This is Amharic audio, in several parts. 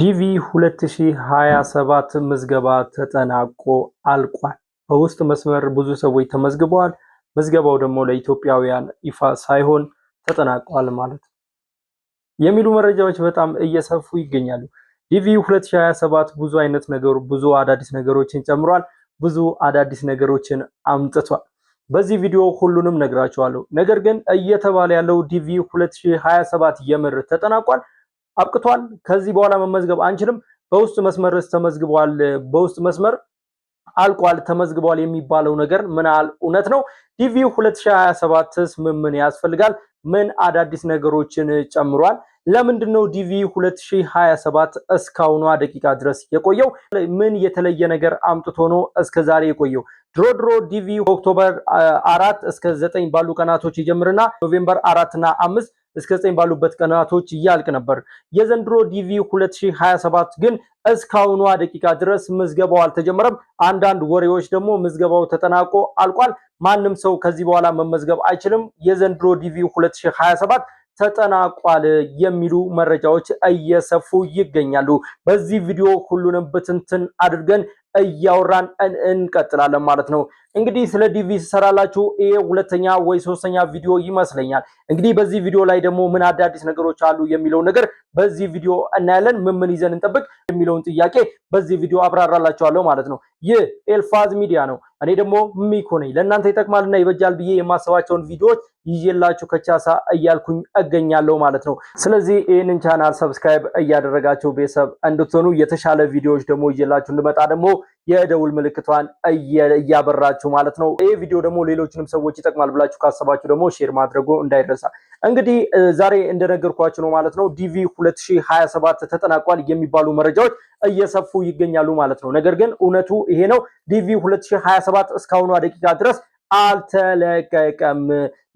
ዲቪ 2027 ምዝገባ ተጠናቆ አልቋል። በውስጥ መስመር ብዙ ሰዎች ተመዝግበዋል። ምዝገባው ደግሞ ለኢትዮጵያውያን ይፋ ሳይሆን ተጠናቋል ማለት ነው የሚሉ መረጃዎች በጣም እየሰፉ ይገኛሉ። ዲቪ 2027 ብዙ አይነት ነገሩ ብዙ አዳዲስ ነገሮችን ጨምሯል። ብዙ አዳዲስ ነገሮችን አምጥቷል። በዚህ ቪዲዮ ሁሉንም ነግራችኋለሁ። ነገር ግን እየተባለ ያለው ዲቪ 2027 የምር ተጠናቋል አብቅቷል። ከዚህ በኋላ መመዝገብ አንችልም። በውስጥ መስመርስ ተመዝግቧል፣ በውስጥ መስመር አልቋል፣ ተመዝግቧል የሚባለው ነገር ምን ያህል እውነት ነው? ዲቪ 2027ስ ምን ምን ያስፈልጋል? ምን አዳዲስ ነገሮችን ጨምሯል? ለምንድን ነው ዲቪ 2027 እስካሁኗ ደቂቃ ድረስ የቆየው? ምን የተለየ ነገር አምጥቶ ነው እስከዛሬ የቆየው? ድሮ ድሮ ዲቪ ኦክቶበር አራት እስከ ዘጠኝ ባሉ ቀናቶች ይጀምርና ኖቬምበር አራትና አምስት እስከ 9 ባሉበት ቀናቶች እያልቅ ነበር። የዘንድሮ ዲቪ 2027 ግን እስካሁኗ ደቂቃ ድረስ ምዝገባው አልተጀመረም። አንዳንድ ወሬዎች ደግሞ ምዝገባው ተጠናቆ አልቋል፣ ማንም ሰው ከዚህ በኋላ መመዝገብ አይችልም፣ የዘንድሮ ዲቪ 2027 ተጠናቋል የሚሉ መረጃዎች እየሰፉ ይገኛሉ። በዚህ ቪዲዮ ሁሉንም ብትንትን አድርገን እያወራን እንቀጥላለን ማለት ነው። እንግዲህ ስለ ዲቪ ስሰራላችሁ ይሄ ሁለተኛ ወይ ሶስተኛ ቪዲዮ ይመስለኛል። እንግዲህ በዚህ ቪዲዮ ላይ ደግሞ ምን አዳዲስ ነገሮች አሉ የሚለው ነገር በዚህ ቪዲዮ እናያለን። ምን ምን ይዘን እንጠብቅ የሚለውን ጥያቄ በዚህ ቪዲዮ አብራራላችኋለሁ ማለት ነው። ይህ ኤልፋዝ ሚዲያ ነው። እኔ ደግሞ ሚኮ ነኝ። ለእናንተ ይጠቅማልና ይበጃል ብዬ የማሰባቸውን ቪዲዮዎች ይዤላችሁ ከቻሳ እያልኩኝ እገኛለሁ ማለት ነው። ስለዚህ ይህንን ቻናል ሰብስክራይብ እያደረጋችሁ ቤተሰብ እንድትሆኑ የተሻለ ቪዲዮዎች ደግሞ ይዤላችሁ እንድመጣ ደግሞ የደውል ምልክቷን እያበራችሁ ማለት ነው። ይህ ቪዲዮ ደግሞ ሌሎችንም ሰዎች ይጠቅማል ብላችሁ ካሰባችሁ ደግሞ ሼር ማድረጉ እንዳይረሳ። እንግዲህ ዛሬ እንደነገርኳችሁ ነው ማለት ነው ዲቪ 2027 ተጠናቋል የሚባሉ መረጃዎች እየሰፉ ይገኛሉ ማለት ነው። ነገር ግን እውነቱ ይሄ ነው። ዲቪ 2027 እስካሁኗ ደቂቃ ድረስ አልተለቀቀም።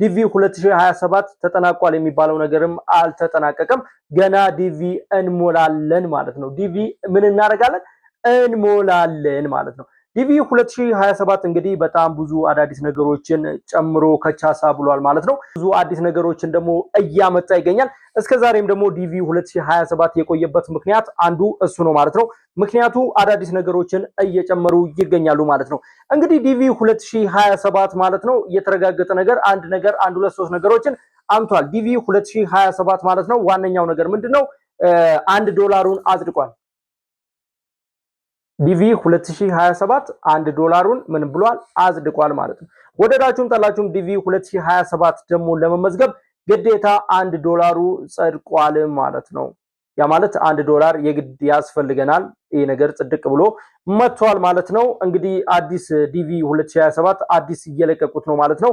ዲቪ 2027 ተጠናቋል የሚባለው ነገርም አልተጠናቀቀም። ገና ዲቪ እንሞላለን ማለት ነው። ዲቪ ምን እናደርጋለን? እንሞላለን ማለት ነው። ዲቪ 2027 እንግዲህ በጣም ብዙ አዳዲስ ነገሮችን ጨምሮ ከቻሳ ብሏል ማለት ነው። ብዙ አዲስ ነገሮችን ደግሞ እያመጣ ይገኛል። እስከ ዛሬም ደግሞ ዲቪ 2027 የቆየበት ምክንያት አንዱ እሱ ነው ማለት ነው። ምክንያቱ አዳዲስ ነገሮችን እየጨመሩ ይገኛሉ ማለት ነው። እንግዲህ ዲቪ 2027 ማለት ነው የተረጋገጠ ነገር አንድ ነገር አንድ ሁለት ሶስት ነገሮችን አምቷል። ዲቪ 2027 ማለት ነው ዋነኛው ነገር ምንድን ነው? አንድ ዶላሩን አጽድቋል። ዲቪ 2027 አንድ ዶላሩን ምን ብሏል አጽድቋል ማለት ነው። ወደዳችሁም ጠላችሁም ዲቪ 2027 ደግሞ ለመመዝገብ ግዴታ አንድ ዶላሩ ጸድቋል ማለት ነው። ያ ማለት አንድ ዶላር የግድ ያስፈልገናል። ይህ ነገር ጽድቅ ብሎ መጥቷል ማለት ነው። እንግዲህ አዲስ ዲቪ 2027 አዲስ እየለቀቁት ነው ማለት ነው።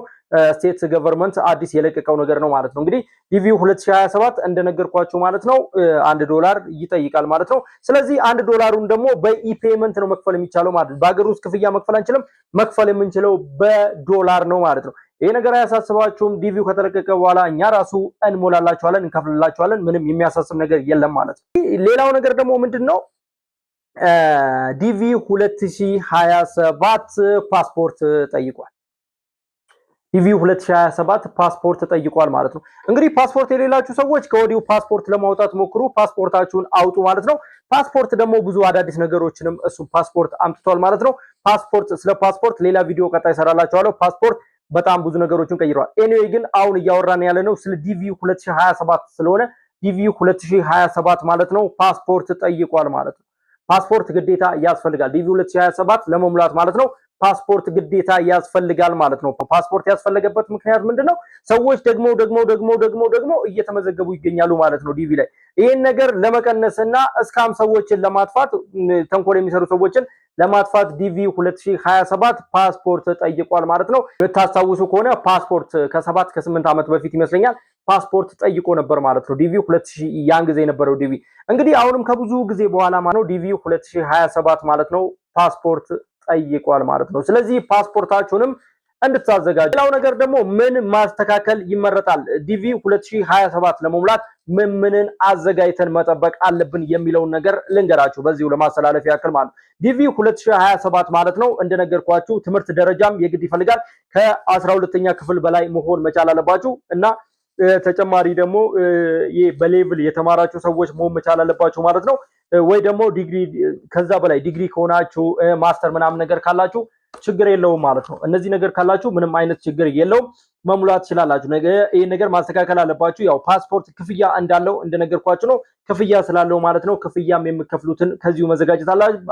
ስቴት ገቨርንመንት አዲስ የለቀቀው ነገር ነው ማለት ነው። እንግዲህ ዲቪ 2027 እንደነገርኳቸው ማለት ነው አንድ ዶላር ይጠይቃል ማለት ነው። ስለዚህ አንድ ዶላሩን ደግሞ በኢፔመንት ነው መክፈል የሚቻለው ማለት ነው። በሀገር ውስጥ ክፍያ መክፈል አንችልም። መክፈል የምንችለው በዶላር ነው ማለት ነው። ይህ ነገር አያሳስባችሁም። ዲቪው ከተለቀቀ በኋላ እኛ ራሱ እንሞላላችኋለን፣ እንከፍልላችኋለን። ምንም የሚያሳስብ ነገር የለም ማለት ነው። ሌላው ነገር ደግሞ ምንድን ነው ዲቪ 2027 ፓስፖርት ጠይቋል። ዲቪ 2027 ፓስፖርት ጠይቋል ማለት ነው። እንግዲህ ፓስፖርት የሌላችሁ ሰዎች ከወዲሁ ፓስፖርት ለማውጣት ሞክሩ፣ ፓስፖርታችሁን አውጡ ማለት ነው። ፓስፖርት ደግሞ ብዙ አዳዲስ ነገሮችንም እሱ ፓስፖርት አምጥቷል ማለት ነው። ፓስፖርት ስለ ፓስፖርት ሌላ ቪዲዮ ቀጣይ እሰራላችኋለሁ። ፓስፖርት በጣም ብዙ ነገሮችን ቀይረዋል። ኤኒዌይ ግን አሁን እያወራን ያለ ነው ስለ ዲቪ 2027 ስለሆነ ዲቪ 2027 ማለት ነው ፓስፖርት ጠይቋል ማለት ነው። ፓስፖርት ግዴታ ያስፈልጋል ዲቪ 2027 ለመሙላት ማለት ነው። ፓስፖርት ግዴታ ያስፈልጋል ማለት ነው። ፓስፖርት ያስፈለገበት ምክንያት ምንድን ነው? ሰዎች ደግሞ ደግሞ ደግሞ ደግሞ ደግሞ እየተመዘገቡ ይገኛሉ ማለት ነው ዲቪ ላይ። ይህን ነገር ለመቀነስና እስካም ሰዎችን ለማጥፋት ተንኮል የሚሰሩ ሰዎችን ለማጥፋት ዲቪ 2027 ፓስፖርት ጠይቋል ማለት ነው። የምታስታውሱ ከሆነ ፓስፖርት ከሰባት ከስምንት ዓመት በፊት ይመስለኛል ፓስፖርት ጠይቆ ነበር ማለት ነው። ዲቪ 2000 ያን ጊዜ የነበረው ዲቪ እንግዲህ አሁንም ከብዙ ጊዜ በኋላ ማለት ነው ዲቪ 2027 ማለት ነው ፓስፖርት ጠይቋል ማለት ነው። ስለዚህ ፓስፖርታችሁንም እንድታዘጋጁ። ሌላው ነገር ደግሞ ምን ማስተካከል ይመረጣል? ዲቪ 2027 ለመሙላት ምን ምንን አዘጋጅተን መጠበቅ አለብን የሚለውን ነገር ልንገራችሁ በዚሁ ለማስተላለፍ ያክል ማለት ነው። ዲቪ 2027 ማለት ነው እንደነገርኳችሁ ትምህርት ደረጃም የግድ ይፈልጋል። 12 ሁለተኛ ክፍል በላይ መሆን መቻል አለባችሁ እና ተጨማሪ ደግሞ በሌቭል የተማራችሁ ሰዎች መሆን መቻል አለባችሁ ማለት ነው። ወይ ደግሞ ዲግሪ ከዛ በላይ ዲግሪ ከሆናችሁ ማስተር ምናምን ነገር ካላችሁ ችግር የለውም ማለት ነው። እነዚህ ነገር ካላችሁ ምንም አይነት ችግር የለውም መሙላት ትችላላችሁ። ይህ ነገር ማስተካከል አለባችሁ። ያው ፓስፖርት ክፍያ እንዳለው እንደነገርኳችሁ ነው። ክፍያ ስላለው ማለት ነው። ክፍያም የምከፍሉትን ከዚሁ መዘጋጀት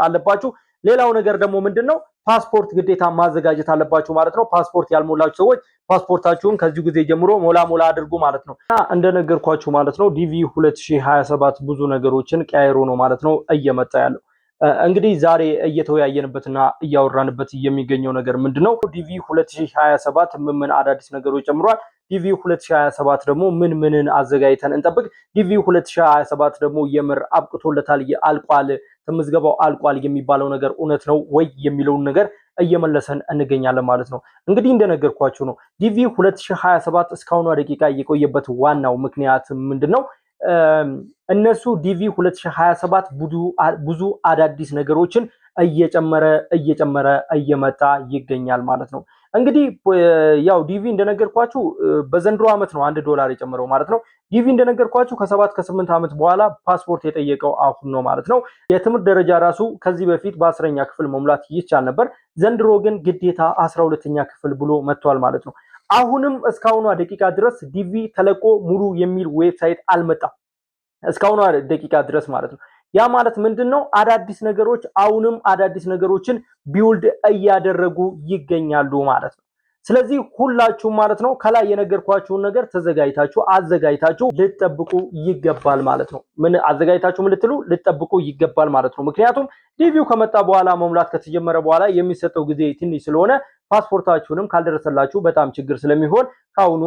አለባችሁ። ሌላው ነገር ደግሞ ምንድን ነው ፓስፖርት ግዴታ ማዘጋጀት አለባችሁ ማለት ነው። ፓስፖርት ያልሞላችሁ ሰዎች ፓስፖርታችሁን ከዚሁ ጊዜ ጀምሮ ሞላ ሞላ አድርጉ ማለት ነው እና እንደነገርኳችሁ ማለት ነው ዲቪ 2027 ብዙ ነገሮችን ቀያይሮ ነው ማለት ነው እየመጣ ያለው። እንግዲህ ዛሬ እየተወያየንበትና እያወራንበት የሚገኘው ነገር ምንድን ነው? ዲቪ 2027 ምን ምን አዳዲስ ነገሮች ጨምሯል? ዲቪ 2027 ደግሞ ምን ምንን አዘጋጅተን እንጠብቅ? ዲቪ 2027 ደግሞ የምር አብቅቶለታል አልቋል፣ ምዝገባው አልቋል የሚባለው ነገር እውነት ነው ወይ የሚለውን ነገር እየመለሰን እንገኛለን ማለት ነው። እንግዲህ እንደነገርኳችሁ ነው ዲቪ 2027 እስካሁኗ ደቂቃ የቆየበት ዋናው ምክንያት ምንድን ነው? እነሱ ዲቪ 2027 ብዙ አዳዲስ ነገሮችን እየጨመረ እየጨመረ እየመጣ ይገኛል ማለት ነው። እንግዲህ ያው ዲቪ እንደነገርኳችሁ በዘንድሮ ዓመት ነው አንድ ዶላር የጨመረው ማለት ነው። ዲቪ እንደነገርኳችሁ ከሰባት ከስምንት ዓመት በኋላ ፓስፖርት የጠየቀው አሁን ነው ማለት ነው። የትምህርት ደረጃ ራሱ ከዚህ በፊት በአስረኛ ክፍል መሙላት ይቻል ነበር። ዘንድሮ ግን ግዴታ አስራ ሁለተኛ ክፍል ብሎ መጥቷል ማለት ነው። አሁንም እስካሁኗ ደቂቃ ድረስ ዲቪ ተለቆ ሙሉ የሚል ዌብሳይት አልመጣም። እስካሁኗ ደቂቃ ድረስ ማለት ነው። ያ ማለት ምንድን ነው? አዳዲስ ነገሮች አሁንም አዳዲስ ነገሮችን ቢውልድ እያደረጉ ይገኛሉ ማለት ነው። ስለዚህ ሁላችሁም ማለት ነው ከላይ የነገርኳችሁን ነገር ተዘጋጅታችሁ አዘጋጅታችሁ ልጠብቁ ይገባል ማለት ነው። ምን አዘጋጅታችሁ ምን ልትሉ ልጠብቁ ይገባል ማለት ነው። ምክንያቱም ዲቪው ከመጣ በኋላ መሙላት ከተጀመረ በኋላ የሚሰጠው ጊዜ ትንሽ ስለሆነ ፓስፖርታችሁንም ካልደረሰላችሁ በጣም ችግር ስለሚሆን ከአሁኑ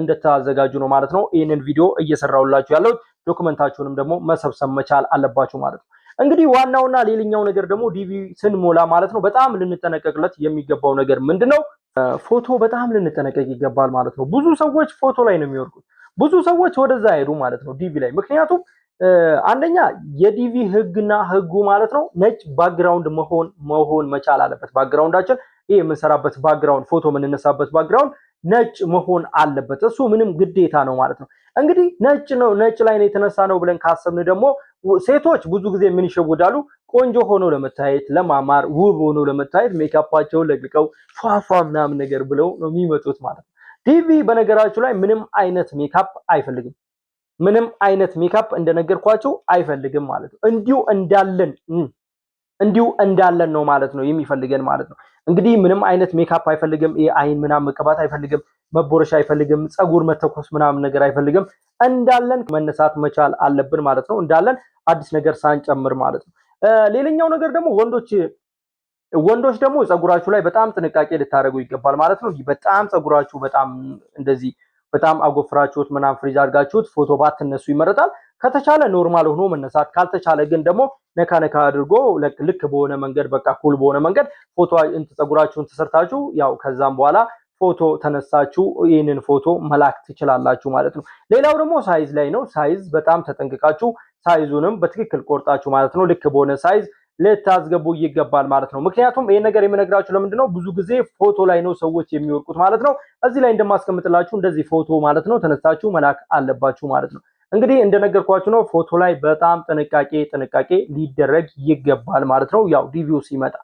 እንድታዘጋጁ ነው ማለት ነው። ይህንን ቪዲዮ እየሰራሁላችሁ ያለሁት ዶክመንታችሁንም ደግሞ መሰብሰብ መቻል አለባችሁ ማለት ነው። እንግዲህ ዋናውና ሌላኛው ነገር ደግሞ ዲቪ ስንሞላ ማለት ነው በጣም ልንጠነቀቅለት የሚገባው ነገር ምንድን ነው? ፎቶ በጣም ልንጠነቀቅ ይገባል ማለት ነው። ብዙ ሰዎች ፎቶ ላይ ነው የሚወርቁት። ብዙ ሰዎች ወደዛ ሄዱ ማለት ነው ዲቪ ላይ። ምክንያቱም አንደኛ የዲቪ ህግና ህጉ ማለት ነው ነጭ ባክግራውንድ መሆን መሆን መቻል አለበት። ባክግራውንዳችን ይህ የምንሰራበት ባክግራውንድ፣ ፎቶ የምንነሳበት ባክግራውንድ ነጭ መሆን አለበት። እሱ ምንም ግዴታ ነው ማለት ነው። እንግዲህ ነጭ ነው ነጭ ላይ ነው የተነሳ ነው ብለን ካሰብን ደግሞ ሴቶች ብዙ ጊዜ ምን ይሸወዳሉ? ቆንጆ ሆኖ ለመታየት ለማማር ውብ ሆኖ ለመታየት ሜካፓቸውን ለቅልቀው ፏፏ ምናምን ነገር ብለው ነው የሚመጡት ማለት ነው። ዲቪ በነገራችሁ ላይ ምንም አይነት ሜካፕ አይፈልግም። ምንም አይነት ሜካፕ እንደነገርኳቸው አይፈልግም ማለት ነው። እንዲሁ እንዳለን እንዲሁ እንዳለን ነው ማለት ነው የሚፈልገን ማለት ነው። እንግዲህ ምንም አይነት ሜካፕ አይፈልግም። አይን ምናምን መቀባት አይፈልግም። መቦረሻ አይፈልግም። ፀጉር መተኮስ ምናምን ነገር አይፈልግም። እንዳለን መነሳት መቻል አለብን ማለት ነው። እንዳለን አዲስ ነገር ሳንጨምር ማለት ነው። ሌላኛው ነገር ደግሞ ወንዶች ወንዶች ደግሞ ፀጉራችሁ ላይ በጣም ጥንቃቄ ልታደርጉ ይገባል ማለት ነው። በጣም ጸጉራችሁ በጣም እንደዚህ በጣም አጎፍራችሁት ምናምን ፍሪዝ አድርጋችሁት ፎቶ ባትነሱ ይመረጣል። ከተቻለ ኖርማል ሆኖ መነሳት፣ ካልተቻለ ግን ደግሞ ነካ ነካ አድርጎ ልክ በሆነ መንገድ በቃ ኩል በሆነ መንገድ ፎቶ ፀጉራችሁን ተሰርታችሁ ያው ከዛም በኋላ ፎቶ ተነሳችሁ ይህንን ፎቶ መላክ ትችላላችሁ ማለት ነው። ሌላው ደግሞ ሳይዝ ላይ ነው። ሳይዝ በጣም ተጠንቅቃችሁ ሳይዙንም በትክክል ቆርጣችሁ ማለት ነው ልክ በሆነ ሳይዝ ልታስገቡ ይገባል ማለት ነው። ምክንያቱም ይሄ ነገር የምነግራችሁ ለምንድን ነው ብዙ ጊዜ ፎቶ ላይ ነው ሰዎች የሚወርቁት ማለት ነው። እዚህ ላይ እንደማስቀምጥላችሁ እንደዚህ ፎቶ ማለት ነው ተነሳችሁ መላክ አለባችሁ ማለት ነው። እንግዲህ እንደነገርኳችሁ ነው ፎቶ ላይ በጣም ጥንቃቄ ጥንቃቄ ሊደረግ ይገባል ማለት ነው። ያው ዲቪው ሲመጣ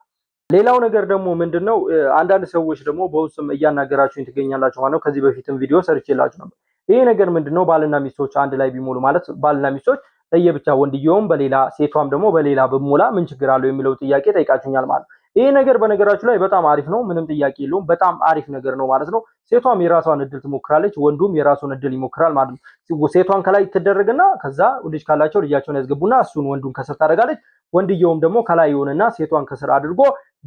ሌላው ነገር ደግሞ ምንድን ነው አንዳንድ ሰዎች ደግሞ በውስጥም እያናገራችሁኝ ትገኛላችሁ ማለት ነው። ከዚህ በፊትም ቪዲዮ ሰርቼላችሁ ነበር። ይሄ ነገር ምንድን ነው ባልና ሚስቶች አንድ ላይ ቢሞሉ ማለት ባልና ሚስቶች ለየብቻ ወንድየውም በሌላ ሴቷም ደግሞ በሌላ ብሞላ ምን ችግር አለው የሚለው ጥያቄ ጠይቃችሁኛል ማለት ነው። ይሄ ነገር በነገራችሁ ላይ በጣም አሪፍ ነው፣ ምንም ጥያቄ የለውም። በጣም አሪፍ ነገር ነው ማለት ነው። ሴቷም የራሷን እድል ትሞክራለች፣ ወንዱም የራሱን እድል ይሞክራል ማለት ነው። ሴቷን ከላይ ትደረግና ከዛ ልጅ ካላቸው ልጃቸውን ያስገቡና እሱን ወንዱን ከስር ታደርጋለች። ወንድየውም ደግሞ ከላይ ይሆንና ሴቷን ከስር አድርጎ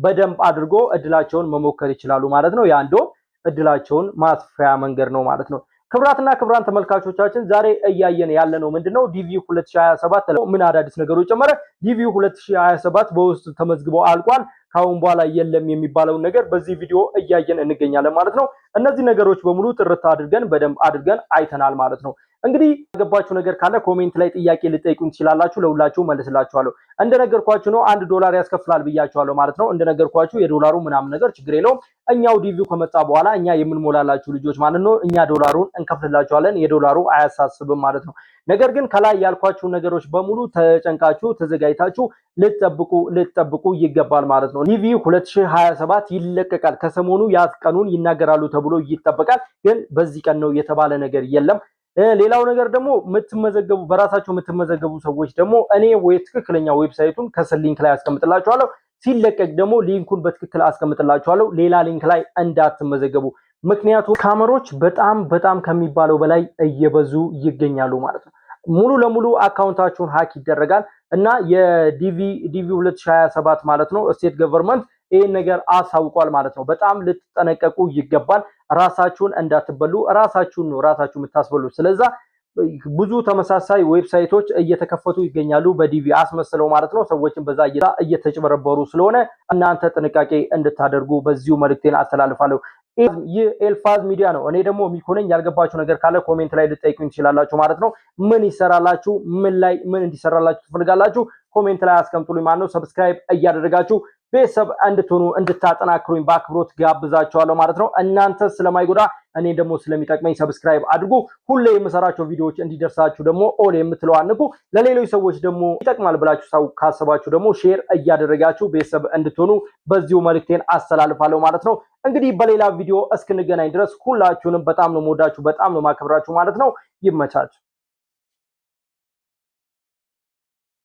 በደንብ አድርጎ እድላቸውን መሞከር ይችላሉ ማለት ነው። ያ እንደውም እድላቸውን ማስፈያ መንገድ ነው ማለት ነው። ክብራትና ክብራን ተመልካቾቻችን ዛሬ እያየን ያለነው ምንድነው? ዲቪ 2027 ምን አዳዲስ ነገሮች ጨመረ? ዲቪ 2027 በውስጥ ተመዝግቦ አልቋል። ከአሁን በኋላ የለም የሚባለውን ነገር በዚህ ቪዲዮ እያየን እንገኛለን ማለት ነው። እነዚህ ነገሮች በሙሉ ጥርት አድርገን በደንብ አድርገን አይተናል ማለት ነው። እንግዲህ ያገባችሁ ነገር ካለ ኮሜንት ላይ ጥያቄ ልጠይቁን ትችላላችሁ። ለሁላችሁ መልስላችኋለሁ። እንደነገርኳችሁ ነው አንድ ዶላር ያስከፍላል ብያችኋለሁ ማለት ነው። እንደነገርኳችሁ የዶላሩ ምናምን ነገር ችግር የለውም። እኛው ዲቪው ከመጣ በኋላ እኛ የምንሞላላችሁ ልጆች ማለት ነው እኛ ዶላሩን እንከፍልላችኋለን። የዶላሩ አያሳስብም ማለት ነው። ነገር ግን ከላይ ያልኳችሁ ነገሮች በሙሉ ተጨንቃችሁ ተዘጋጅታችሁ ልጠብቁ ልጠብቁ ይገባል ማለት ነው። ዲቪ 2027 ይለቀቃል ከሰሞኑ ያት ቀኑን ይናገራሉ ተብሎ ይጠበቃል። ግን በዚህ ቀን ነው የተባለ ነገር የለም። ሌላው ነገር ደግሞ የምትመዘገቡ በራሳቸው የምትመዘገቡ ሰዎች ደግሞ እኔ ወይ ትክክለኛ ዌብሳይቱን ከስር ሊንክ ላይ አስቀምጥላችኋለሁ። ሲለቀቅ ደግሞ ሊንኩን በትክክል አስቀምጥላችኋለሁ። ሌላ ሊንክ ላይ እንዳትመዘገቡ። ምክንያቱም ካመሮች በጣም በጣም ከሚባለው በላይ እየበዙ ይገኛሉ ማለት ነው። ሙሉ ለሙሉ አካውንታችሁን ሀክ ይደረጋል እና የዲቪ ዲቪ 2027 ማለት ነው ስቴት ገቨርንመንት ይህን ነገር አሳውቋል ማለት ነው። በጣም ልትጠነቀቁ ይገባል። ራሳችሁን እንዳትበሉ ራሳችሁን ነው ራሳችሁ የምታስበሉ። ስለዛ ብዙ ተመሳሳይ ዌብሳይቶች እየተከፈቱ ይገኛሉ። በዲቪ አስመስለው ማለት ነው። ሰዎችን በዛ እየተጭበረበሩ ስለሆነ እናንተ ጥንቃቄ እንድታደርጉ በዚሁ መልእክቴን አስተላልፋለሁ። ይህ ኤልፋዝ ሚዲያ ነው። እኔ ደግሞ ሚኮነኝ ያልገባችሁ ነገር ካለ ኮሜንት ላይ ልጠይቁኝ ትችላላችሁ ማለት ነው። ምን ይሰራላችሁ? ምን ላይ ምን እንዲሰራላችሁ ትፈልጋላችሁ? ኮሜንት ላይ አስቀምጡልኝ ማለት ነው። ሰብስክራይብ እያደረጋችሁ ቤተሰብ እንድትሆኑ እንድታጠናክሩኝ በአክብሮት ጋብዛችኋለሁ ማለት ነው። እናንተ ስለማይጎዳ እኔ ደግሞ ስለሚጠቅመኝ ሰብስክራይብ አድርጉ። ሁሌ የምሰራቸው ቪዲዮዎች እንዲደርሳችሁ ደግሞ ኦል የምትለው አንቁ። ለሌሎች ሰዎች ደግሞ ይጠቅማል ብላችሁ ሰው ካሰባችሁ ደግሞ ሼር እያደረጋችሁ ቤተሰብ እንድትሆኑ በዚሁ መልክቴን አስተላልፋለሁ ማለት ነው። እንግዲህ በሌላ ቪዲዮ እስክንገናኝ ድረስ ሁላችሁንም በጣም ነው መወዳችሁ፣ በጣም ነው ማከብራችሁ ማለት ነው። ይመቻችሁ።